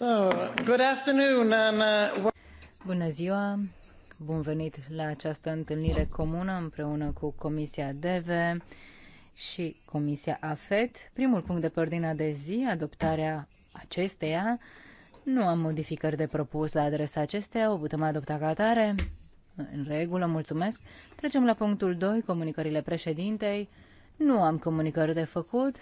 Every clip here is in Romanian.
So, good afternoon and, uh... Bună ziua! Bun venit la această întâlnire comună împreună cu Comisia DEVE și Comisia AFET. Primul punct de pe ordinea de zi, adoptarea acesteia. Nu am modificări de propus la adresa acesteia, o putem adopta ca atare. În regulă, mulțumesc. Trecem la punctul 2, comunicările președintei. Nu am comunicări de făcut,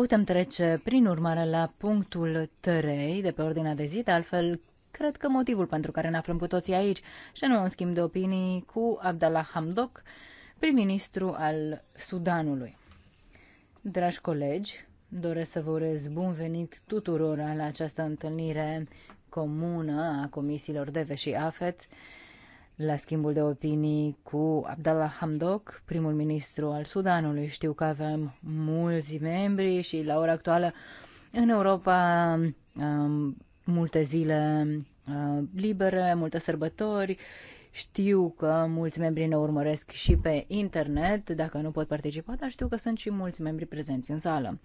Putem trece, prin urmare, la punctul 3 de pe ordinea de zi, de altfel cred că motivul pentru care ne aflăm cu toții aici, și nu un schimb de opinii cu Abdallah Hamdok, prim-ministru al Sudanului. Dragi colegi, doresc să vă urez bun venit tuturor la această întâlnire comună a comisiilor DEVE și AFET la schimbul de opinii cu Abdallah Hamdok, primul ministru al Sudanului. Știu că avem mulți membri și la ora actuală în Europa um, multe zile uh, libere, multe sărbători. Știu că mulți membri ne urmăresc și pe internet, dacă nu pot participa, dar știu că sunt și mulți membri prezenți în sală.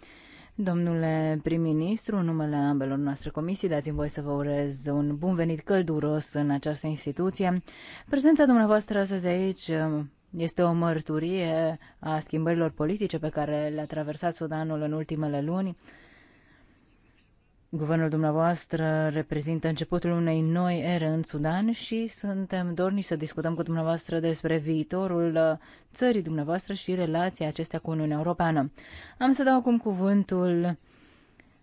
Domnule prim-ministru, în numele ambelor noastre comisii, dați-mi voi să vă urez un bun venit călduros în această instituție. Prezența dumneavoastră astăzi aici uh, este o mărturie a schimbărilor politice pe care le-a traversat Sudanul în ultimele luni. Guvernul dumneavoastră reprezintă începutul unei noi ere în Sudan și suntem dorni să discutăm cu dumneavoastră despre viitorul uh, țării dumneavoastră și relația acestea cu Uniunea Europeană. Am să dau acum cuvântul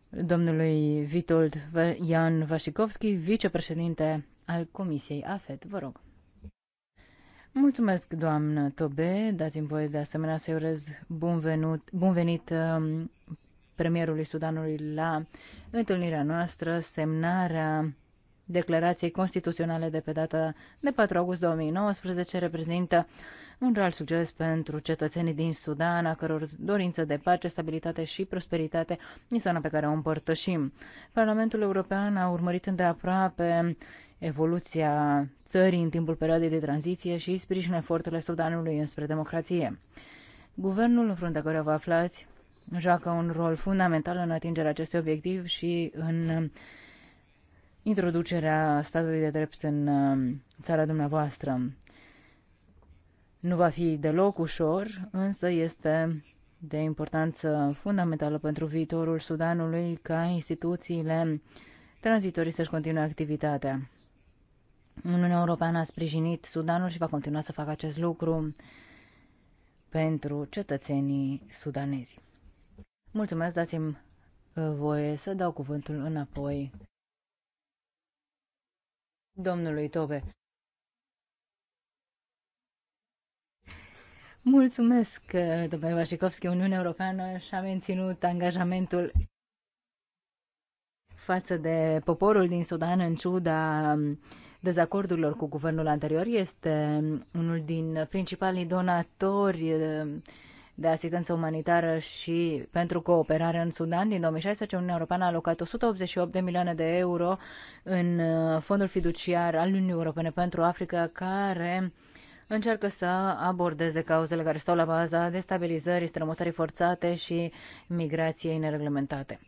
domnului Vitold Jan Vasikovski, vicepreședinte al Comisiei AFET. Vă rog. Mulțumesc, doamnă Tobe. Dați-mi voie de asemenea să-i urez bun venit, bun venit um, premierului Sudanului la întâlnirea noastră semnarea declarației constituționale de pe data de 4 august 2019 reprezintă un real succes pentru cetățenii din Sudan, a căror dorință de pace, stabilitate și prosperitate este una pe care o împărtășim. Parlamentul European a urmărit îndeaproape evoluția țării în timpul perioadei de tranziție și sprijină eforturile Sudanului înspre democrație. Guvernul în fruntea care vă aflați joacă un rol fundamental în atingerea acestui obiectiv și în um, introducerea statului de drept în um, țara dumneavoastră. Nu va fi deloc ușor, însă este de importanță fundamentală pentru viitorul Sudanului ca instituțiile tranzitorii să-și continue activitatea. Uniunea Europeană a sprijinit Sudanul și va continua să facă acest lucru pentru cetățenii sudanezi. Mulțumesc, dați-mi uh, voie să dau cuvântul înapoi domnului Tobe. Mulțumesc, uh, domnule Vașicovski, Uniunea Europeană și-a menținut angajamentul față de poporul din Sudan în ciuda dezacordurilor cu guvernul anterior. Este unul din principalii donatori uh, de asistență umanitară și pentru cooperare în Sudan. Din 2016, Uniunea Europeană a alocat 188 de milioane de euro în uh, fondul fiduciar al Uniunii Europene pentru Africa, care încearcă să abordeze cauzele care stau la baza destabilizării, strămutării forțate și migrației nereglementate.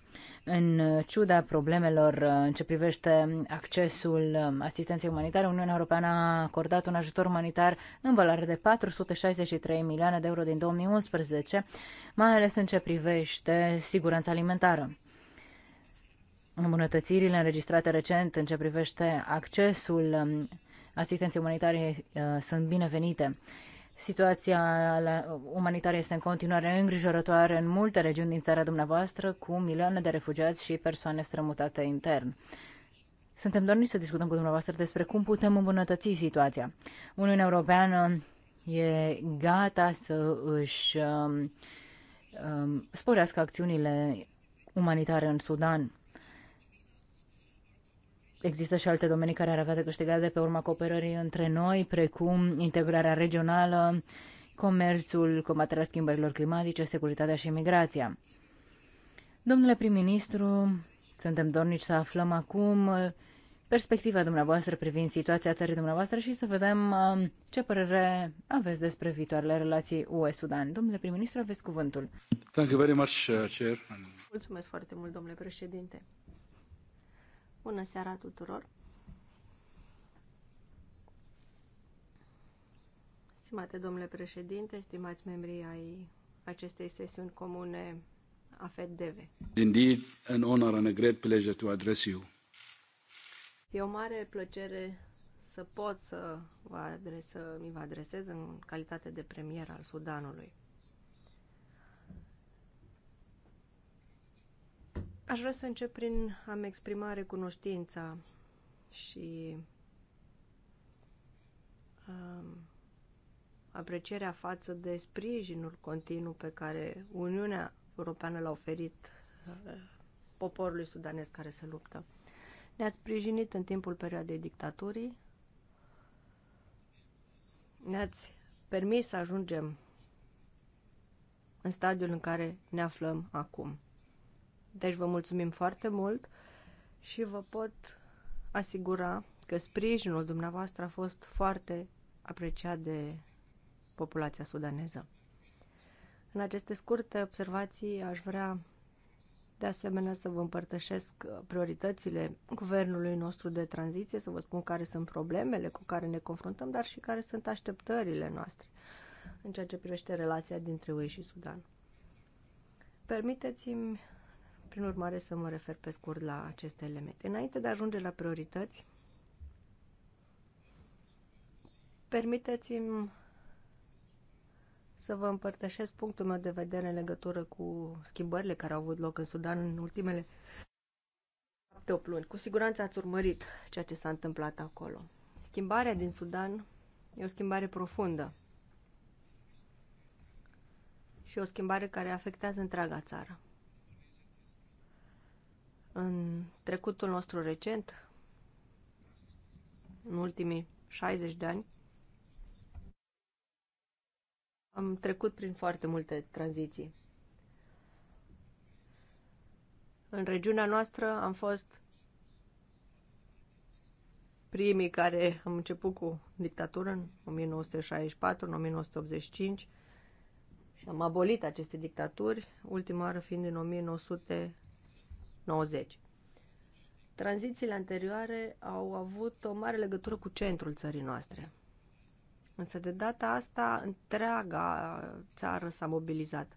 În ciuda problemelor uh, în ce privește accesul um, asistenței umanitare, Uniunea Europeană a acordat un ajutor umanitar în valoare de 463 milioane de euro din 2011, mai ales în ce privește siguranța alimentară. Îmbunătățirile înregistrate recent în ce privește accesul um, asistenței umanitare uh, sunt binevenite. Situația umanitară este în continuare îngrijorătoare în multe regiuni din țara dumneavoastră, cu milioane de refugiați și persoane strămutate intern. Suntem dorniți să discutăm cu dumneavoastră despre cum putem îmbunătăți situația. Uniunea Europeană e gata să își um, um sporească acțiunile umanitare în Sudan. Există și alte domenii care ar avea de câștigat de pe urma cooperării între noi, precum integrarea regională, comerțul, combaterea schimbărilor climatice, securitatea și imigrația. Domnule prim-ministru, suntem dornici să aflăm acum uh, perspectiva dumneavoastră privind situația țării dumneavoastră și să vedem uh, ce părere aveți despre viitoarele relații UE-Sudan. Domnule prim-ministru, aveți cuvântul. Thank you very much, uh, Chair. Mulțumesc foarte mult, domnule președinte. Bună seara tuturor! Stimate domnule președinte, stimați membrii ai acestei sesiuni comune a FEDDV. Indeed, an honor and a great pleasure to address you. E o mare plăcere să pot să vă adresă, mi vă adresez în calitate de premier al Sudanului. Aș vrea să încep prin a-mi exprima recunoștința și um, aprecierea față de sprijinul continuu pe care Uniunea Europeană l-a oferit uh, poporului sudanez care se luptă. Ne-ați sprijinit în timpul perioadei dictaturii, ne-ați permis să ajungem în stadiul în care ne aflăm acum. Deci vă mulțumim foarte mult și vă pot asigura că sprijinul dumneavoastră a fost foarte apreciat de populația sudaneză. În aceste scurte observații aș vrea de asemenea să vă împărtășesc prioritățile guvernului nostru de tranziție, să vă spun care sunt problemele cu care ne confruntăm, dar și care sunt așteptările noastre în ceea ce privește relația dintre UE și Sudan. Permiteți-mi prin urmare, să mă refer pe scurt la aceste elemente. Înainte de a ajunge la priorități, permiteți-mi să vă împărtășesc punctul meu de vedere în legătură cu schimbările care au avut loc în Sudan în ultimele 7-8 luni. Cu siguranță ați urmărit ceea ce s-a întâmplat acolo. Schimbarea din Sudan e o schimbare profundă și o schimbare care afectează întreaga țară. În trecutul nostru recent, în ultimii 60 de ani, am trecut prin foarte multe tranziții. În regiunea noastră am fost primii care am început cu dictatură în 1964, în 1985 și am abolit aceste dictaturi, ultima oară fiind în 1900 90. Tranzițiile anterioare au avut o mare legătură cu centrul țării noastre. Însă de data asta întreaga țară s-a mobilizat.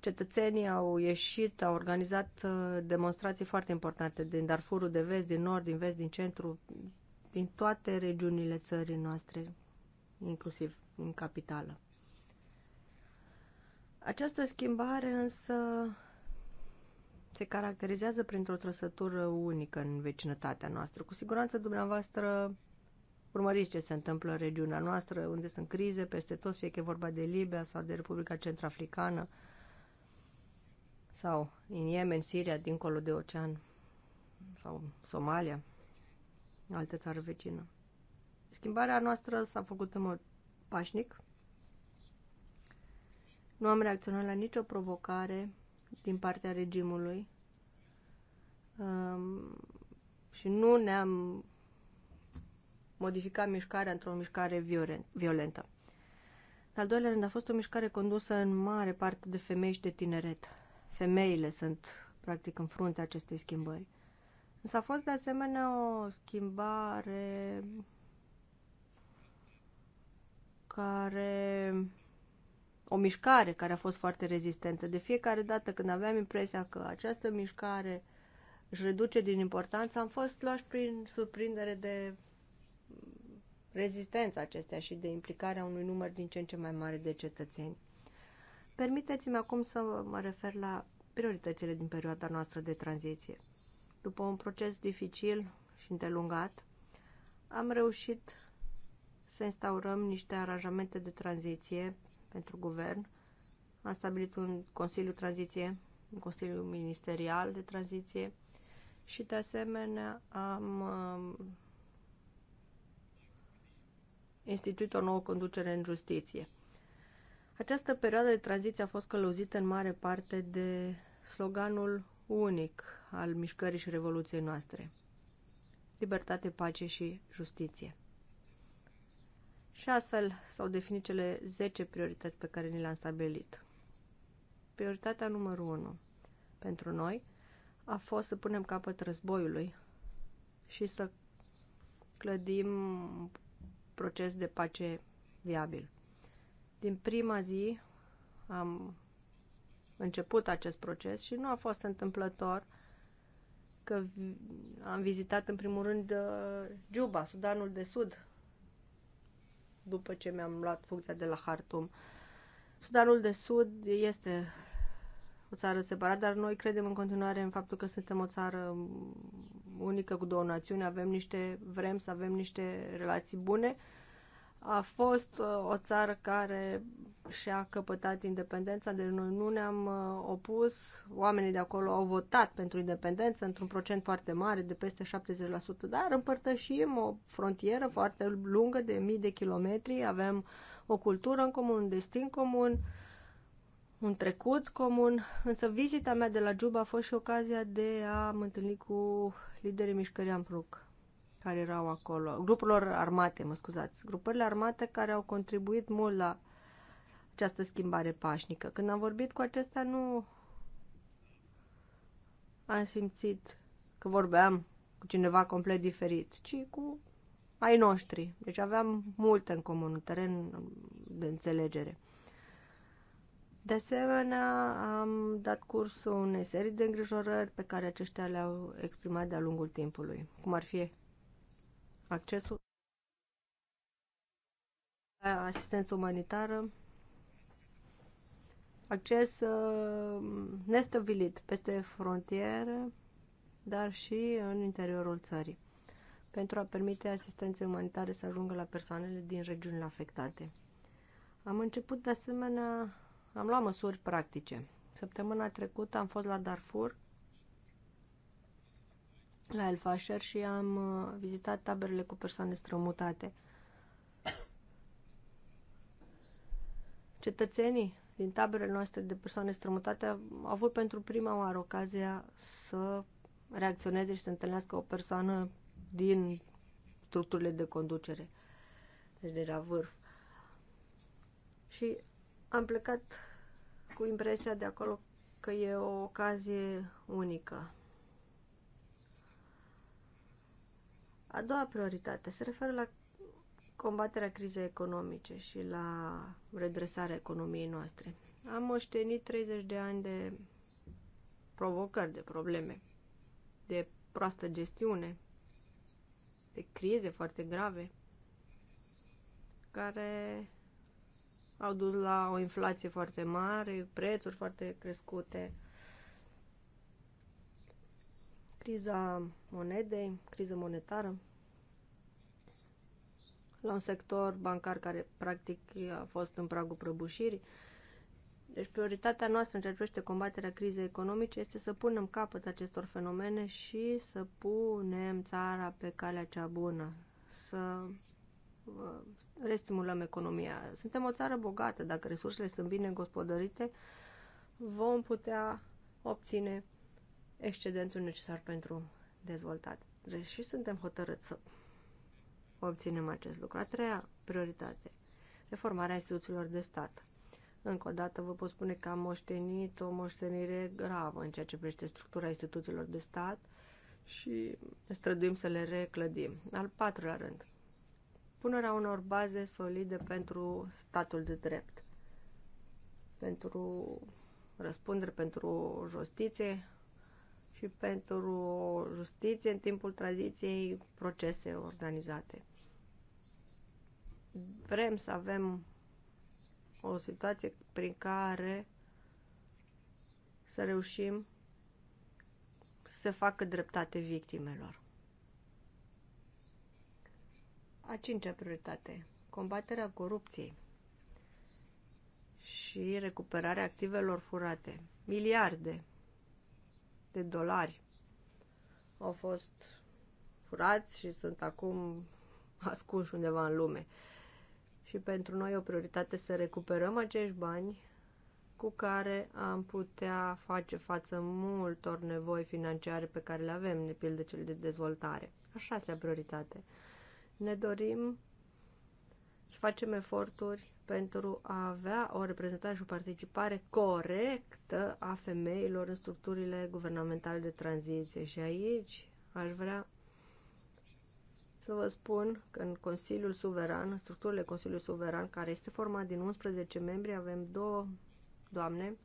Cetățenii au ieșit, au organizat uh, demonstrații foarte importante din Darfurul de vest, din nord, din vest, din centru, din toate regiunile țării noastre, inclusiv din capitală. Această schimbare însă se caracterizează printr-o trăsătură unică în vecinătatea noastră. Cu siguranță dumneavoastră urmăriți ce se întâmplă în regiunea noastră, unde sunt crize peste tot, fie că e vorba de Libia sau de Republica Centrafricană sau în Yemen, Siria, dincolo de ocean sau Somalia, altă țară vecină. Schimbarea noastră s-a făcut în mod pașnic. Nu am reacționat la nicio provocare din partea regimului um, și nu ne-am modificat mișcarea într-o mișcare violentă. În al doilea rând, a fost o mișcare condusă în mare parte de femei și de tineret. Femeile sunt, practic, în fruntea acestei schimbări. Însă a fost, de asemenea, o schimbare care o mișcare care a fost foarte rezistentă. De fiecare dată când aveam impresia că această mișcare își reduce din importanță, am fost luași prin surprindere de rezistența acestea și de implicarea unui număr din ce în ce mai mare de cetățeni. Permiteți-mi acum să mă refer la prioritățile din perioada noastră de tranziție. După un proces dificil și îndelungat, am reușit să instaurăm niște aranjamente de tranziție pentru guvern. a stabilit un Consiliu Tranziție, un Consiliu Ministerial de Tranziție și, de asemenea, am um, instituit o nouă conducere în justiție. Această perioadă de tranziție a fost călăuzită în mare parte de sloganul unic al mișcării și revoluției noastre. Libertate, pace și justiție. Și astfel s-au definit cele 10 priorități pe care ni le-am stabilit. Prioritatea numărul 1 pentru noi a fost să punem capăt războiului și să clădim un proces de pace viabil. Din prima zi am început acest proces și nu a fost întâmplător că am vizitat în primul rând Juba, uh, Sudanul de Sud, după ce mi-am luat funcția de la Hartum. Sudanul de Sud este o țară separată, dar noi credem în continuare în faptul că suntem o țară unică cu două națiuni, avem niște, vrem să avem niște relații bune a fost uh, o țară care și-a căpătat independența, deci noi nu ne-am uh, opus. Oamenii de acolo au votat pentru independență într-un procent foarte mare, de peste 70%, dar împărtășim o frontieră foarte lungă de mii de kilometri, avem o cultură în comun, un destin comun, un trecut comun, însă vizita mea de la Juba a fost și ocazia de a mă întâlni cu liderii mișcării ampruc care erau acolo, grupurilor armate, mă scuzați, grupările armate care au contribuit mult la această schimbare pașnică. Când am vorbit cu acestea, nu am simțit că vorbeam cu cineva complet diferit, ci cu ai noștri. Deci aveam multe în comun, în teren de înțelegere. De asemenea, am dat cursul unei serii de îngrijorări pe care aceștia le-au exprimat de-a lungul timpului, cum ar fi accesul la asistență umanitară, acces uh, nestăvilit peste frontiere, dar și în interiorul țării, pentru a permite asistenței umanitare să ajungă la persoanele din regiunile afectate. Am început de asemenea, am luat măsuri practice. Săptămâna trecută am fost la Darfur la El Fasher și am uh, vizitat taberele cu persoane strămutate. Cetățenii din taberele noastre de persoane strămutate au avut pentru prima oară ocazia să reacționeze și să întâlnească o persoană din structurile de conducere, deci de la vârf. Și am plecat cu impresia de acolo că e o ocazie unică A doua prioritate se referă la combaterea crizei economice și la redresarea economiei noastre. Am moștenit 30 de ani de provocări, de probleme, de proastă gestiune, de crize foarte grave, care au dus la o inflație foarte mare, prețuri foarte crescute, criza monedei, criză monetară, la un sector bancar care practic a fost în pragul prăbușirii. Deci prioritatea noastră în ceea ce privește combaterea crizei economice este să punem capăt acestor fenomene și să punem țara pe calea cea bună, să restimulăm economia. Suntem o țară bogată, dacă resursele sunt bine gospodărite, vom putea obține excedentul necesar pentru dezvoltat. Deci și suntem hotărâți să obținem acest lucru. A treia prioritate, reformarea instituțiilor de stat. Încă o dată vă pot spune că am moștenit o moștenire gravă în ceea ce privește structura instituțiilor de stat și străduim să le reclădim. Al patrulea rând, punerea unor baze solide pentru statul de drept, pentru răspundere, pentru justiție, și pentru o justiție în timpul tranziției procese organizate. Vrem să avem o situație prin care să reușim să facă dreptate victimelor. A cincea prioritate, combaterea corupției și recuperarea activelor furate. Miliarde de dolari au fost furați și sunt acum ascunși undeva în lume. Și pentru noi e o prioritate să recuperăm acești bani cu care am putea face față multor nevoi financiare pe care le avem, de pildă cele de dezvoltare. Așa se prioritate. Ne dorim să facem eforturi pentru a avea o reprezentare și o participare corectă a femeilor în structurile guvernamentale de tranziție. Și aici aș vrea să vă spun că în Consiliul Suveran, în structurile Consiliului Suveran, care este format din 11 membri, avem două doamne.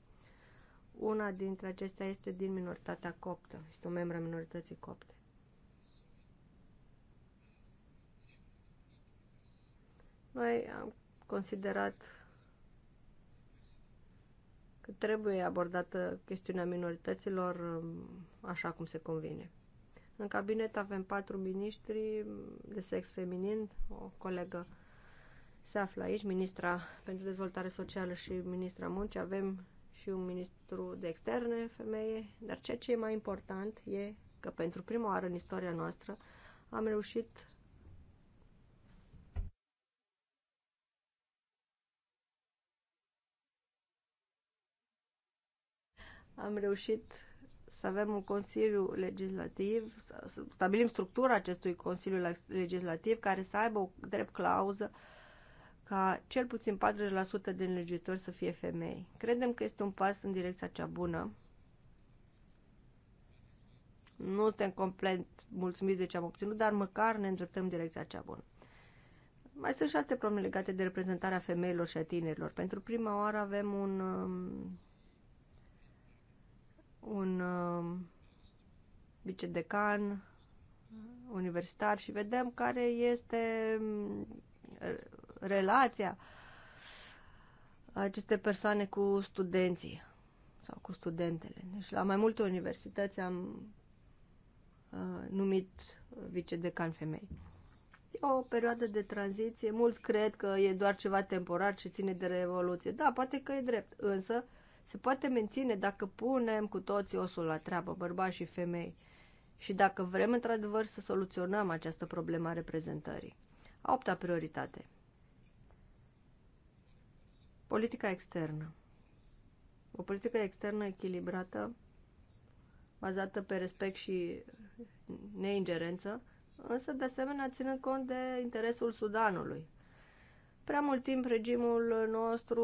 Una dintre acestea este din minoritatea coptă, este o membră a minorității copte. Noi am considerat că trebuie abordată chestiunea minorităților um, așa cum se convine. În cabinet avem patru miniștri de sex feminin, o colegă se află aici, ministra pentru dezvoltare socială și ministra muncii, avem și un ministru de externe femeie, dar ceea ce e mai important e că pentru prima oară în istoria noastră am reușit am reușit să avem un Consiliu Legislativ, să stabilim structura acestui Consiliu Legislativ care să aibă o drept clauză ca cel puțin 40% din legiuitori să fie femei. Credem că este un pas în direcția cea bună. Nu suntem complet mulțumiți de ce am obținut, dar măcar ne îndreptăm în direcția cea bună. Mai sunt și alte probleme legate de reprezentarea femeilor și a tinerilor. Pentru prima oară avem un um, un um, vicedecan universitar și vedem care este um, relația aceste persoane cu studenții sau cu studentele. Deci la mai multe universități am uh, numit vicedecan femei. E o perioadă de tranziție. Mulți cred că e doar ceva temporar ce ține de revoluție. Da, poate că e drept. Însă, uh, se poate menține dacă punem cu toții osul la treabă, bărbați și femei, și dacă vrem într-adevăr să soluționăm această problemă a reprezentării. A opta prioritate. Politica externă. O politică externă echilibrată, bazată pe respect și neingerență, însă de asemenea ținând cont de interesul Sudanului, Prea mult timp regimul nostru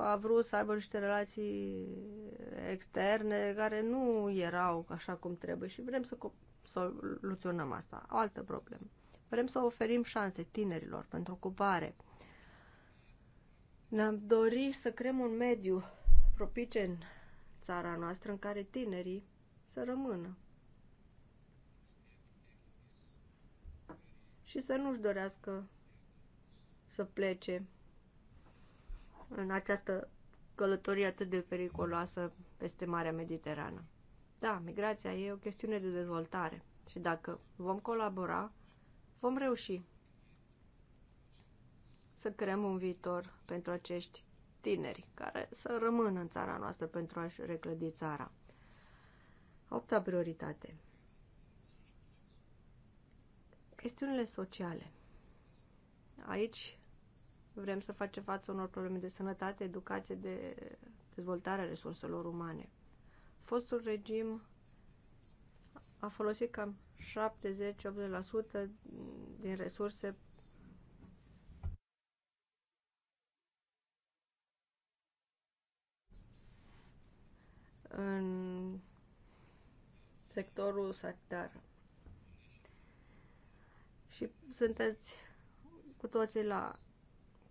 a vrut să aibă niște relații externe care nu erau așa cum trebuie și vrem să soluționăm asta. O altă problemă. Vrem să oferim șanse tinerilor pentru ocupare. Ne-am dorit să creăm un mediu propice în țara noastră în care tinerii să rămână. Și să nu-și dorească să plece în această călătorie atât de periculoasă peste Marea Mediterană. Da, migrația e o chestiune de dezvoltare și dacă vom colabora, vom reuși să creăm un viitor pentru acești tineri care să rămână în țara noastră pentru a-și reclădi țara. Opta prioritate. Chestiunile sociale. Aici vrem să facem față unor probleme de sănătate, educație, de dezvoltare a resurselor umane. Fostul regim a folosit cam 70-80% din resurse în sectorul sanitar. Și sunteți cu toții la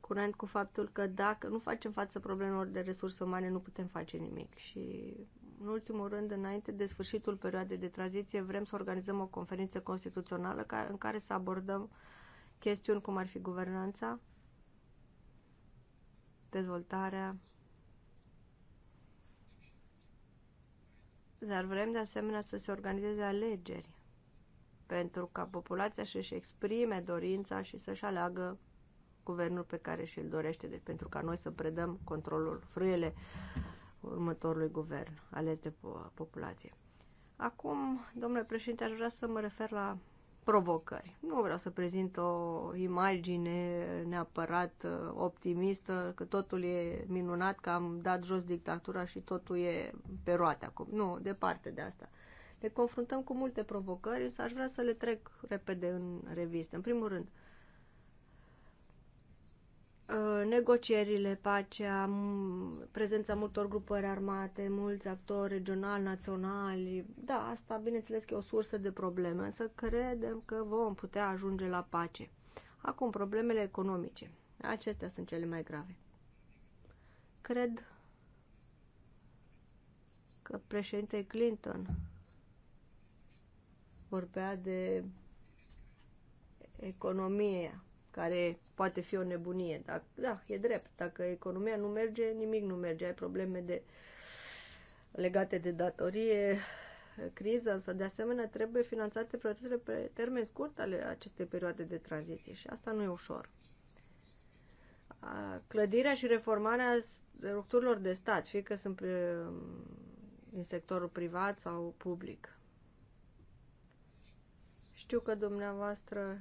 curent cu faptul că dacă nu facem față problemelor de resurse umane, nu putem face nimic. Și, în ultimul rând, înainte de sfârșitul perioadei de tranziție, vrem să organizăm o conferință constituțională în care să abordăm chestiuni cum ar fi guvernanța, dezvoltarea, dar vrem de asemenea să se organizeze alegeri pentru ca populația să-și exprime dorința și să-și aleagă guvernul pe care și-l dorește, deci pentru ca noi să predăm controlul frâiele următorului guvern ales de populație. Acum, domnule președinte, aș vrea să mă refer la provocări. Nu vreau să prezint o imagine neapărat uh, optimistă, că totul e minunat, că am dat jos dictatura și totul e pe roate acum. Nu, departe de asta. Ne confruntăm cu multe provocări, însă aș vrea să le trec repede în revistă. În primul rând, uh, Uh, negocierile, pacea, prezența multor grupări armate, mulți actori regionali, naționali. Da, asta bineînțeles că e o sursă de probleme, însă credem că vom putea ajunge la pace. Acum, problemele economice. Acestea sunt cele mai grave. Cred că președinte Clinton vorbea de economia care poate fi o nebunie. Dar, da, e drept. Dacă economia nu merge, nimic nu merge. Ai probleme de, legate de datorie, criză, însă de asemenea trebuie finanțate proiectele pe termen scurt ale acestei perioade de tranziție și asta nu e ușor. Clădirea și reformarea structurilor de stat, fie că sunt din sectorul privat sau public. Știu că dumneavoastră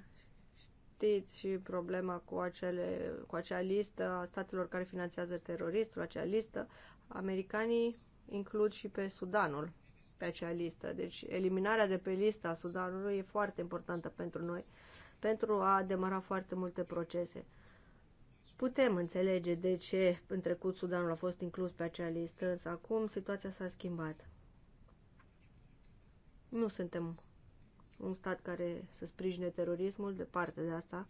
știți și problema cu, acele, cu acea listă a statelor care finanțează teroristul, acea listă. Americanii includ și pe Sudanul pe acea listă. Deci eliminarea de pe lista Sudanului e foarte importantă pentru noi, pentru a demara foarte multe procese. Putem înțelege de ce în trecut Sudanul a fost inclus pe acea listă, însă acum situația s-a schimbat. Nu suntem un stat care să sprijine terorismul, departe de asta.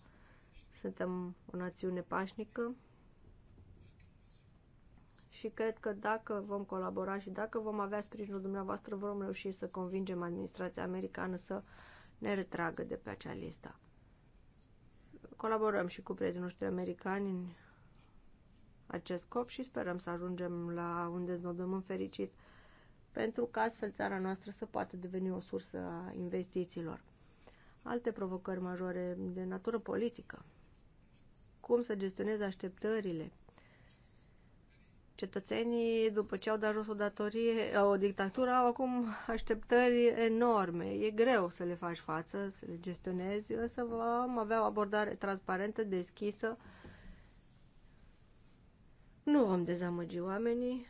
Suntem o națiune pașnică și cred că dacă vom colabora și dacă vom avea sprijinul dumneavoastră, vom reuși să convingem administrația americană să ne retragă de pe acea listă. Colaborăm și cu prietenii noștri americani în acest scop și sperăm să ajungem la un deznodământ fericit pentru ca astfel țara noastră să poată deveni o sursă a investițiilor. Alte provocări majore de natură politică. Cum să gestionezi așteptările? Cetățenii, după ce au dat jos o datorie, o dictatură, au acum așteptări enorme. E greu să le faci față, să le gestionezi, însă vom avea o abordare transparentă, deschisă. Nu vom dezamăgi oamenii,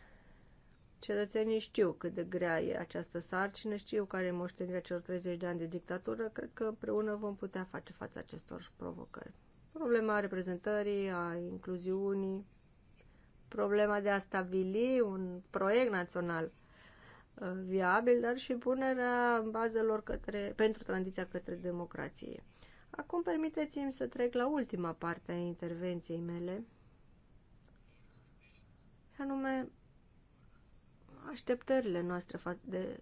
Cetățenii știu cât de grea e această sarcină, știu care e moștenirea celor 30 de ani de dictatură. Cred că împreună vom putea face față acestor provocări. Problema reprezentării, a incluziunii, problema de a stabili un proiect național uh, viabil, dar și punerea bazelor către, pentru tranziția către democrație. Acum permiteți-mi să trec la ultima parte a intervenției mele, anume așteptările noastre de,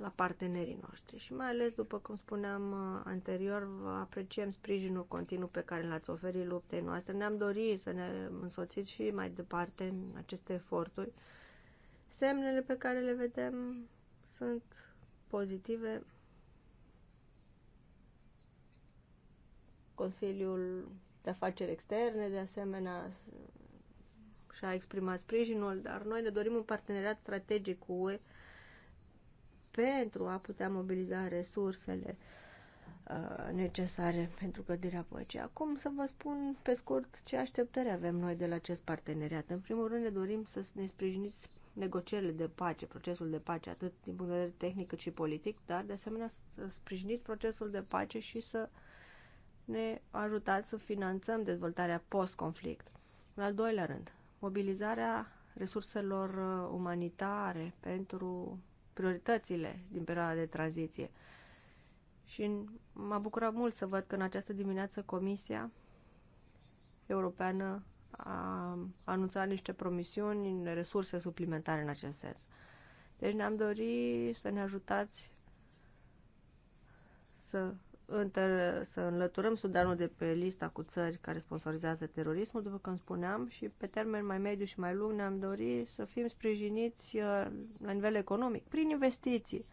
la partenerii noștri și mai ales, după cum spuneam uh, anterior, apreciem sprijinul continuu pe care l-ați oferit luptei noastre. Ne-am dorit să ne însoțiți și mai departe în aceste eforturi. Semnele pe care le vedem sunt pozitive. Consiliul de Afaceri Externe, de asemenea, și-a exprimat sprijinul, dar noi ne dorim un parteneriat strategic cu UE pentru a putea mobiliza resursele uh, necesare pentru căderea păcii. Acum să vă spun pe scurt ce așteptări avem noi de la acest parteneriat. În primul rând ne dorim să ne sprijiniți negocierile de pace, procesul de pace, atât din punct de vedere tehnic cât și politic, dar de asemenea să sprijiniți procesul de pace și să ne ajutați să finanțăm dezvoltarea post-conflict. În al doilea rând, mobilizarea resurselor uh, umanitare pentru prioritățile din perioada de tranziție. Și m-a bucurat mult să văd că în această dimineață Comisia Europeană a anunțat niște promisiuni, resurse suplimentare în acest sens. Deci ne-am dorit să ne ajutați să înter- să înlăturăm Sudanul de pe lista cu țări care sponsorizează terorismul, după cum spuneam, și pe termen mai mediu și mai lung ne-am dorit să fim sprijiniți uh, la nivel economic, prin investiții,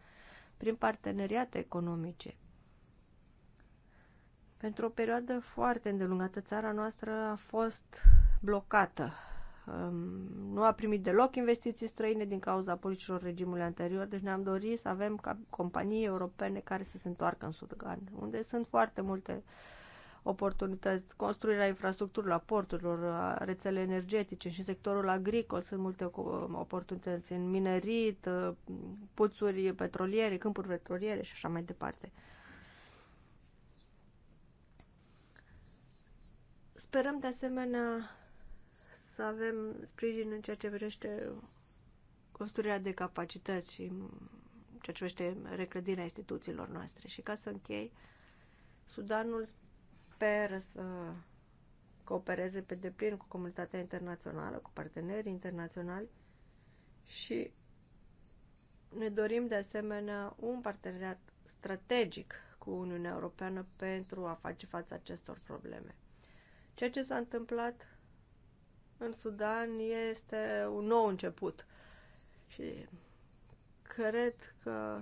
prin parteneriate economice. Pentru o perioadă foarte îndelungată, țara noastră a fost blocată nu a primit deloc investiții străine din cauza politicilor regimului anterior, deci ne-am dorit să avem ca companii europene care să se întoarcă în Sudan, unde sunt foarte multe oportunități, construirea infrastructurii, a porturilor, a rețele energetice și în sectorul agricol sunt multe oportunități în minerit, uh, puțuri petroliere, câmpuri petroliere și așa mai departe. Sperăm de asemenea să avem sprijin în ceea ce privește construirea de capacități și în ceea ce privește reclădirea instituțiilor noastre. Și ca să închei, Sudanul speră să coopereze pe deplin cu comunitatea internațională, cu partenerii internaționali și ne dorim de asemenea un parteneriat strategic cu Uniunea Europeană pentru a face față acestor probleme. Ceea ce s-a întâmplat în Sudan este un nou început și cred că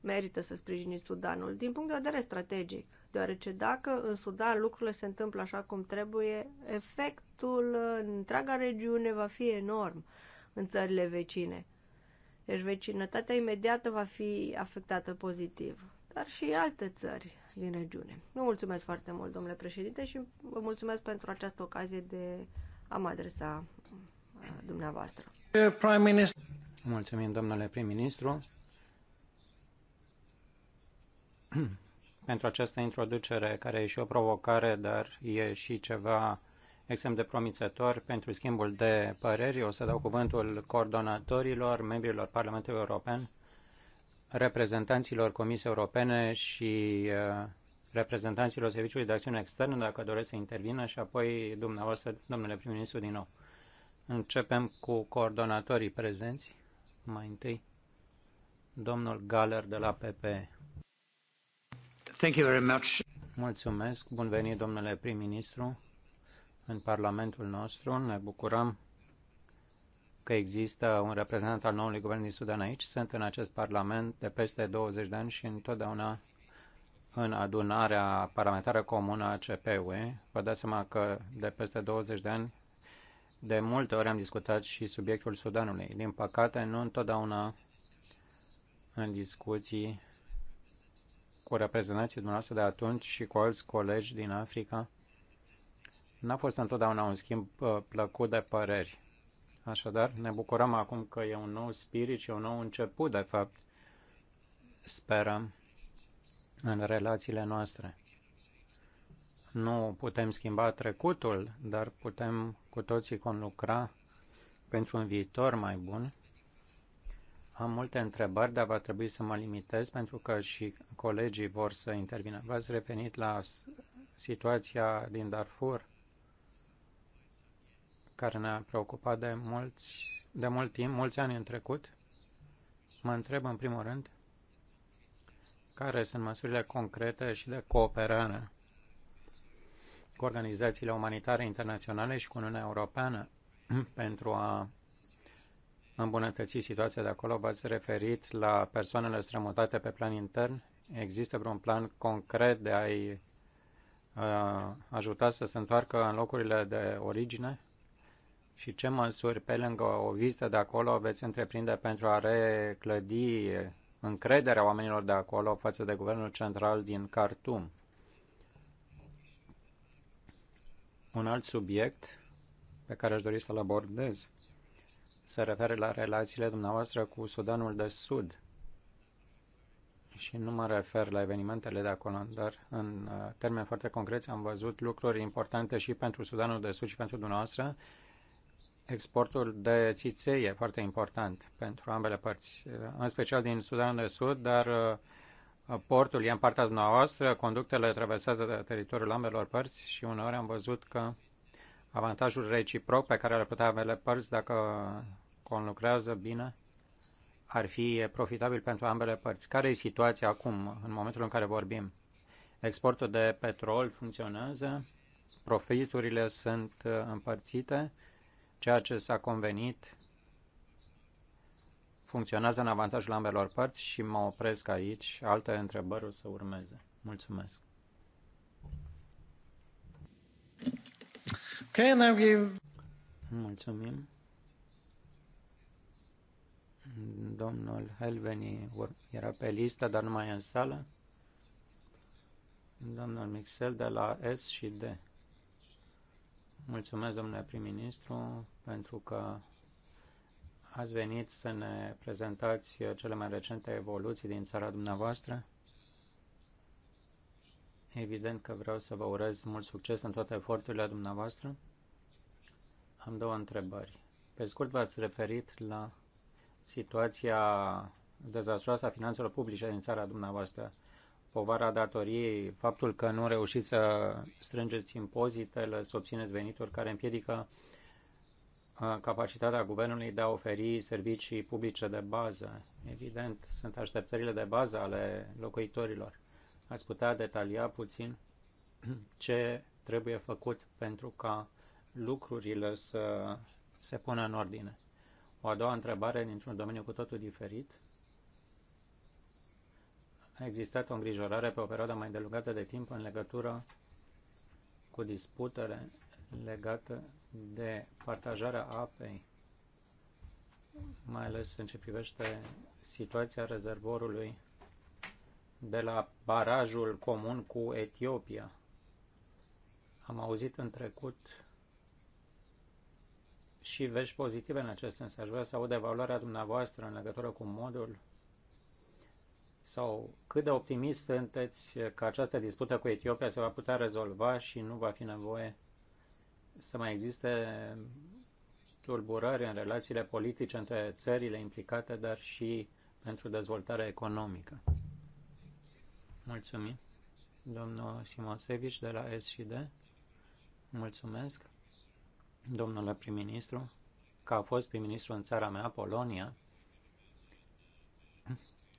merită să sprijiniți Sudanul din punct de vedere strategic, deoarece dacă în Sudan lucrurile se întâmplă așa cum trebuie, efectul în întreaga regiune va fi enorm în țările vecine. Deci vecinătatea imediată va fi afectată pozitiv, dar și alte țări din regiune. Vă mulțumesc foarte mult, domnule președinte, și vă mulțumesc pentru această ocazie de am adresa uh, dumneavoastră. Prime Minister. Mulțumim, domnule prim-ministru, pentru această introducere, care e și o provocare, dar e și ceva extrem de promițător pentru schimbul de păreri. O să dau cuvântul coordonatorilor, membrilor Parlamentului European, reprezentanților Comisiei Europene și uh, reprezentanților Serviciului de Acțiune Externă dacă doresc să intervină și apoi dumneavoastră, domnule prim-ministru, din nou. Începem cu coordonatorii prezenți. Mai întâi, domnul Galer de la PPE. Thank you very much. Mulțumesc. Bun venit, domnule prim-ministru, în Parlamentul nostru. Ne bucurăm că există un reprezentant al noului guvern din Sudan aici. Sunt în acest Parlament de peste 20 de ani și întotdeauna în adunarea parlamentară comună a CPUE. Vă dați seama că de peste 20 de ani, de multe ori am discutat și subiectul Sudanului. Din păcate, nu întotdeauna în discuții cu reprezentanții dumneavoastră de atunci și cu alți colegi din Africa, n-a fost întotdeauna un schimb uh, plăcut de păreri. Așadar, ne bucurăm acum că e un nou spirit și un nou început, de fapt. Sperăm în relațiile noastre. Nu putem schimba trecutul, dar putem cu toții conlucra pentru un viitor mai bun. Am multe întrebări, dar va trebui să mă limitez pentru că și colegii vor să intervină. V-ați referit la situația din Darfur, care ne-a preocupat de, mulți, de mult timp, mulți ani în trecut. Mă întreb în primul rând care sunt măsurile concrete și de cooperare cu organizațiile umanitare internaționale și cu Uniunea Europeană pentru a îmbunătăți situația de acolo. V-ați referit la persoanele strămutate pe plan intern. Există vreun plan concret de a-i uh, ajuta să se întoarcă în locurile de origine? Și ce măsuri, pe lângă o vizită de acolo, veți întreprinde pentru a reclădi încrederea oamenilor de acolo față de guvernul central din Khartoum. Un alt subiect pe care aș dori să-l abordez se referă la relațiile dumneavoastră cu Sudanul de Sud. Și nu mă refer la evenimentele de acolo, dar în uh, termeni foarte concreți am văzut lucruri importante și pentru Sudanul de Sud și pentru dumneavoastră, Exportul de țiței e foarte important pentru ambele părți, în special din Sudanul de Sud, dar uh, portul e în partea dumneavoastră, conductele traversează teritoriul ambelor părți și uneori am văzut că avantajul reciproc pe care ar putea ambele părți dacă conlucrează bine ar fi profitabil pentru ambele părți. Care e situația acum, în momentul în care vorbim? Exportul de petrol funcționează, profiturile sunt uh, împărțite, Ceea ce s-a convenit funcționează în avantajul ambelor părți și mă opresc aici. Alte întrebări o să urmeze. Mulțumesc. Okay, now give... Mulțumim. Domnul Helveni era pe listă, dar nu mai e în sală. Domnul Mixel de la S și D. Mulțumesc, domnule prim-ministru, pentru că ați venit să ne prezentați cele mai recente evoluții din țara dumneavoastră. Evident că vreau să vă urez mult succes în toate eforturile dumneavoastră. Am două întrebări. Pe scurt, v-ați referit la situația dezastroasă a finanțelor publice din țara dumneavoastră povara datoriei, faptul că nu reușiți să strângeți impozitele, să obțineți venituri care împiedică uh, capacitatea guvernului de a oferi servicii publice de bază. Evident, sunt așteptările de bază ale locuitorilor. Ați putea detalia puțin ce trebuie făcut pentru ca lucrurile să se pună în ordine. O a doua întrebare dintr-un domeniu cu totul diferit a existat o îngrijorare pe o perioadă mai delugată de timp în legătură cu disputele legate de partajarea apei, mai ales în ce privește situația rezervorului de la barajul comun cu Etiopia. Am auzit în trecut și vești pozitive în acest sens. Aș vrea să aud evaluarea dumneavoastră în legătură cu modul sau cât de optimist sunteți că această dispută cu Etiopia se va putea rezolva și nu va fi nevoie să mai existe tulburări în relațiile politice între țările implicate, dar și pentru dezvoltarea economică. Mulțumim. Domnul Simosevici de la SCD, mulțumesc. Domnule prim-ministru, că a fost prim-ministru în țara mea, Polonia,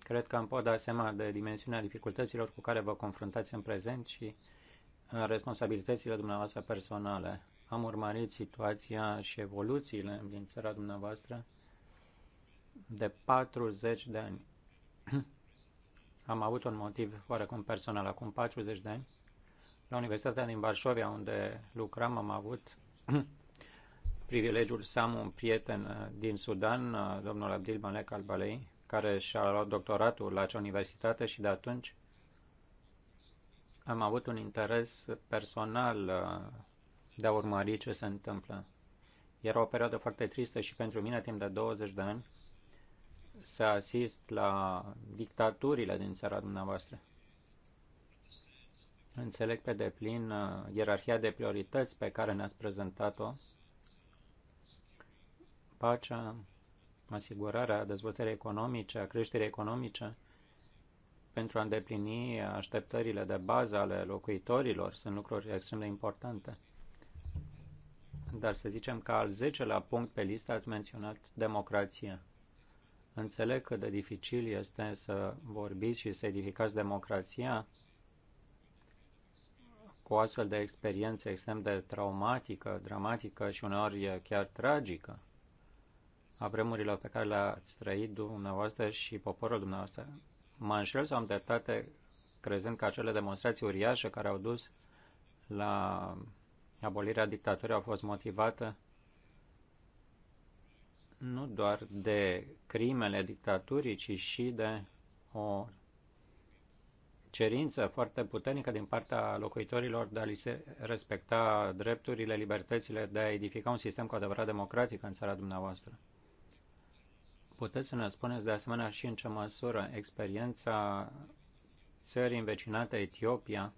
Cred că îmi pot da seama de dimensiunea dificultăților cu care vă confruntați în prezent și uh, responsabilitățile dumneavoastră personale. Am urmărit situația și evoluțiile din țara dumneavoastră de 40 de ani. Am avut un motiv oarecum personal acum 40 de ani. La Universitatea din Varșovia, unde lucram, am avut privilegiul să am un prieten uh, din Sudan, uh, domnul Abdil Malek al Balei, care și-a luat doctoratul la acea universitate și de atunci am avut un interes personal uh, de a urmări ce se întâmplă. Era o perioadă foarte tristă și pentru mine, timp de 20 de ani, să asist la dictaturile din țara dumneavoastră. Înțeleg pe deplin uh, ierarhia de priorități pe care ne-ați prezentat-o. Pacea, asigurarea dezvoltării economice, a creșterii economice, pentru a îndeplini așteptările de bază ale locuitorilor, sunt lucruri extrem de importante. Dar să zicem că al 10-lea punct pe listă ați menționat democrația. Înțeleg cât de dificil este să vorbiți și să edificați democrația cu astfel de experiență extrem de traumatică, dramatică și uneori chiar tragică a vremurilor pe care le-ați trăit dumneavoastră și poporul dumneavoastră. Mă înșel sau am dreptate crezând că acele demonstrații uriașe care au dus la abolirea dictaturii au fost motivate nu doar de crimele dictaturii, ci și de o cerință foarte puternică din partea locuitorilor de a li se respecta drepturile, libertățile, de a edifica un sistem cu adevărat democratic în țara dumneavoastră. Puteți să ne spuneți de asemenea și în ce măsură experiența țării învecinate Etiopia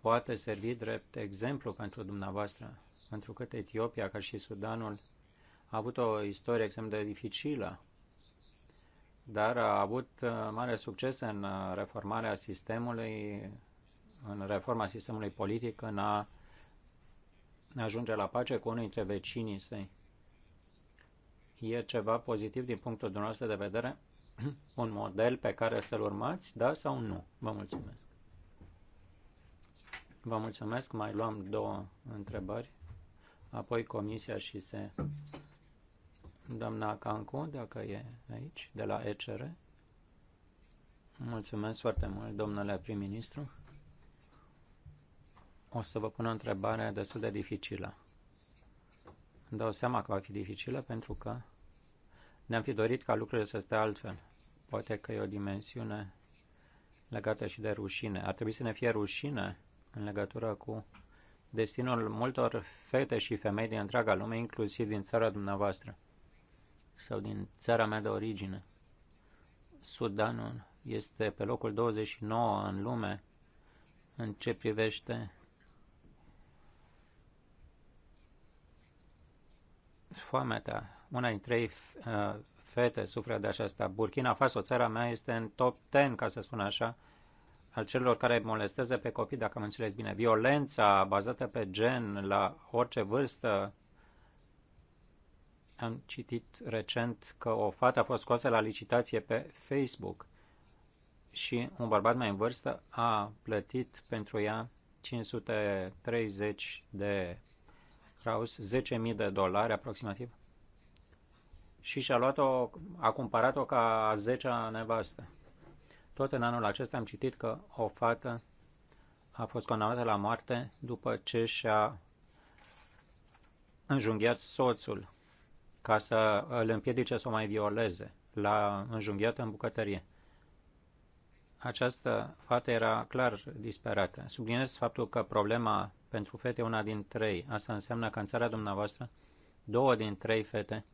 poate servi drept exemplu pentru dumneavoastră, pentru că Etiopia, ca și Sudanul, a avut o istorie extrem de dificilă, dar a avut uh, mare succes în uh, reformarea sistemului, în reforma sistemului politic, în a ajunge la pace cu unul dintre vecinii săi e ceva pozitiv din punctul dumneavoastră de vedere? Un model pe care să-l urmați, da sau nu? Vă mulțumesc. Vă mulțumesc. Mai luăm două întrebări. Apoi comisia și se... Doamna Cancu, dacă e aici, de la ECR. Mulțumesc foarte mult, domnule prim-ministru. O să vă pun o întrebare destul de dificilă. Îmi dau seama că va fi dificilă pentru că ne-am fi dorit ca lucrurile să stea altfel. Poate că e o dimensiune legată și de rușine. Ar trebui să ne fie rușine în legătură cu destinul multor fete și femei din întreaga lume, inclusiv din țara dumneavoastră sau din țara mea de origine. Sudanul este pe locul 29 în lume în ce privește foamea. Una din trei uh, fete suferă de aceasta. Burkina Faso, țara mea, este în top 10, ca să spun așa, al celor care molestează pe copii, dacă am înțeles bine. Violența bazată pe gen la orice vârstă. Am citit recent că o fată a fost scoasă la licitație pe Facebook și un bărbat mai în vârstă a plătit pentru ea 530 de Strauss 10.000 de dolari aproximativ și și-a luat-o, a cumpărat-o ca a 10-a nevastă. Tot în anul acesta am citit că o fată a fost condamnată la moarte după ce și-a înjunghiat soțul ca să îl împiedice să o mai violeze. L-a înjunghiat în bucătărie această fată era clar disperată. Subliniez faptul că problema pentru fete e una din trei. Asta înseamnă că în țara dumneavoastră două din trei fete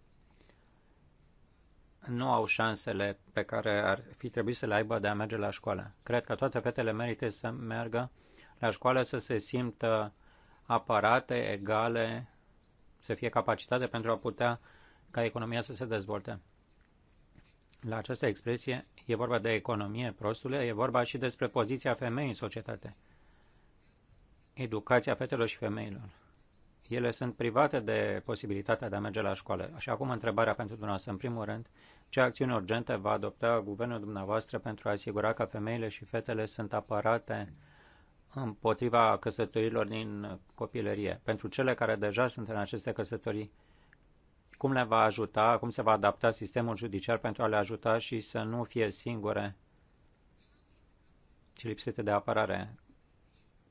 nu au șansele pe care ar fi trebuit să le aibă de a merge la școală. Cred că toate fetele merită să meargă la școală, să se simtă aparate, egale, să fie capacitate pentru a putea ca economia să se dezvolte. La această expresie E vorba de economie, prostule, e vorba și despre poziția femeii în societate. Educația fetelor și femeilor. Ele sunt private de posibilitatea de a merge la școală. Și acum întrebarea pentru dumneavoastră, în primul rând, ce acțiuni urgente va adopta guvernul dumneavoastră pentru a asigura că femeile și fetele sunt apărate împotriva căsătorilor din copilărie? Pentru cele care deja sunt în aceste căsătorii, cum le va ajuta, cum se va adapta sistemul judiciar pentru a le ajuta și să nu fie singure și lipsite de apărare.